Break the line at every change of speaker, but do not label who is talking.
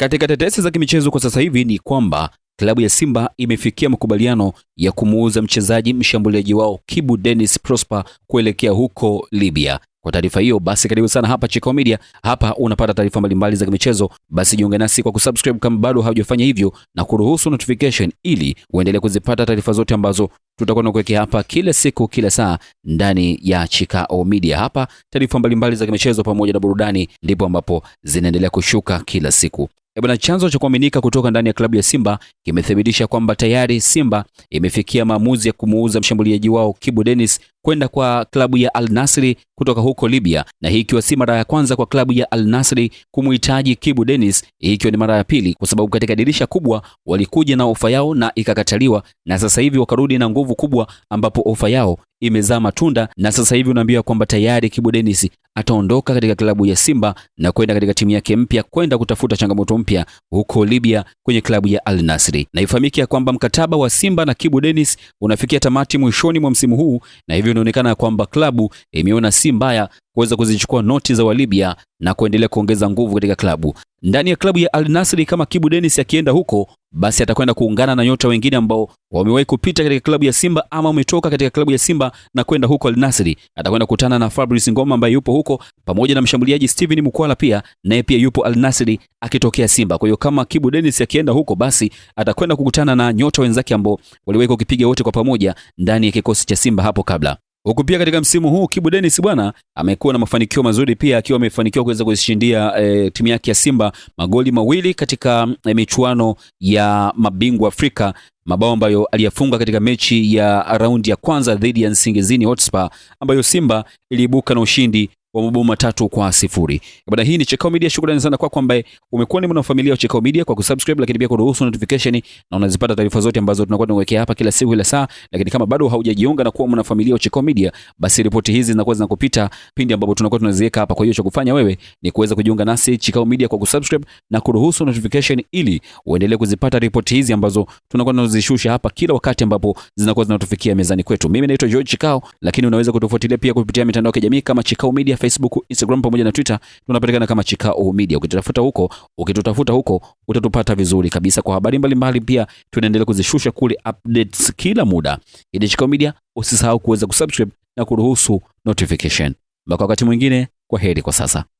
Katika tetesi za kimichezo kwa sasa hivi ni kwamba klabu ya Simba imefikia makubaliano ya kumuuza mchezaji mshambuliaji wao Kibu Dennis Prosper kuelekea huko Libya. Kwa taarifa hiyo basi, karibu sana hapa Chikao Media. Hapa unapata taarifa mbalimbali za kimichezo. Basi jiunge nasi kwa kusubscribe kama bado haujafanya hivyo, na kuruhusu notification ili uendelee kuzipata taarifa zote ambazo tutakuwa tunakuwekea hapa kila siku, kila saa ndani ya Chikao Media. Hapa taarifa mbalimbali za kimichezo pamoja na burudani ndipo ambapo zinaendelea kushuka kila siku. Eh, bwana, chanzo cha kuaminika kutoka ndani ya klabu ya Simba kimethibitisha kwamba tayari Simba imefikia maamuzi ya kumuuza mshambuliaji wao Kibu Dennis kwenda kwa klabu ya Al Nasri kutoka huko Libya, na hii ikiwa si mara ya kwanza kwa klabu ya Al Nasri kumuhitaji Kibu Dennis, hii ikiwa ni mara ya pili, kwa sababu katika dirisha kubwa walikuja na ofa yao na ikakataliwa, na sasa hivi wakarudi na nguvu kubwa, ambapo ofa yao imezaa matunda na sasa hivi unaambiwa kwamba tayari Kibu Dennis ataondoka katika klabu ya Simba na kwenda katika timu yake mpya kwenda kutafuta changamoto mpya huko Libya kwenye klabu ya Al Nasri, na ifahamike kwamba mkataba wa Simba na Kibu Dennis unafikia tamati mwishoni mwa msimu huu na hivi hivyo inaonekana kwamba klabu imeona si mbaya kuweza kuzichukua noti za Walibya na kuendelea kuongeza nguvu katika klabu. Ndani ya klabu ya Al Nassr, kama Kibu Dennis akienda huko basi atakwenda kuungana na nyota wengine ambao wamewahi kupita katika klabu ya Simba ama wametoka katika klabu ya Simba na kwenda huko Al Nassr. Atakwenda kukutana na Fabrice Ngoma ambaye yupo huko pamoja na mshambuliaji Steven Mukwala, pia naye pia yupo Al Nassr akitokea Simba. Kwa hiyo kama Kibu Dennis akienda huko, basi atakwenda kukutana na nyota wenzake ambao waliwahi kupiga wote kwa pamoja ndani ya kikosi cha Simba hapo kabla. Huku pia katika msimu huu Kibu Dennis bwana amekuwa na mafanikio mazuri pia akiwa amefanikiwa kuweza kuishindia e, eh, timu yake ya Simba magoli mawili katika e, michuano ya mabingwa Afrika, mabao ambayo aliyafunga katika mechi ya raundi ya kwanza dhidi ya Nsingizini Hotspur ambayo Simba iliibuka na ushindi wa mabao matatu kwa sifuri. Bwana, hii ni Chekao Media. Shukrani sana kwako ambaye umekuwa ni mwanafamilia wa Chekao Media kwa kusubscribe, lakini pia kuruhusu notification na unazipata taarifa zote ambazo tunakuwa tunawekea hapa kila siku, ila saa. Lakini kama bado haujajiunga na kuwa mwanafamilia wa Chekao Media, basi ripoti hizi zinakuwa zinakupita pindi ambapo tunakuwa tunaziweka hapa. Kwa hiyo cha kufanya wewe ni kuweza kujiunga nasi Chekao Media kwa kusubscribe na kuruhusu notification ili uendelee kuzipata ripoti hizi ambazo tunakuwa tunazishusha hapa kila wakati ambapo zinakuwa zinatufikia mezani kwetu. Mimi naitwa George Chekao, lakini unaweza kutufuatilia pia kupitia mitandao ya kijamii kama Chekao Media Facebook, Instagram pamoja na Twitter tunapatikana kama Chikao Media. Ukitutafuta huko, ukitutafuta huko utatupata vizuri kabisa kwa habari mbalimbali. Pia tunaendelea kuzishusha kule updates kila muda. Ili Chikao Media, usisahau kuweza kusubscribe na kuruhusu notification. Mpaka wakati mwingine, kwa heri kwa sasa.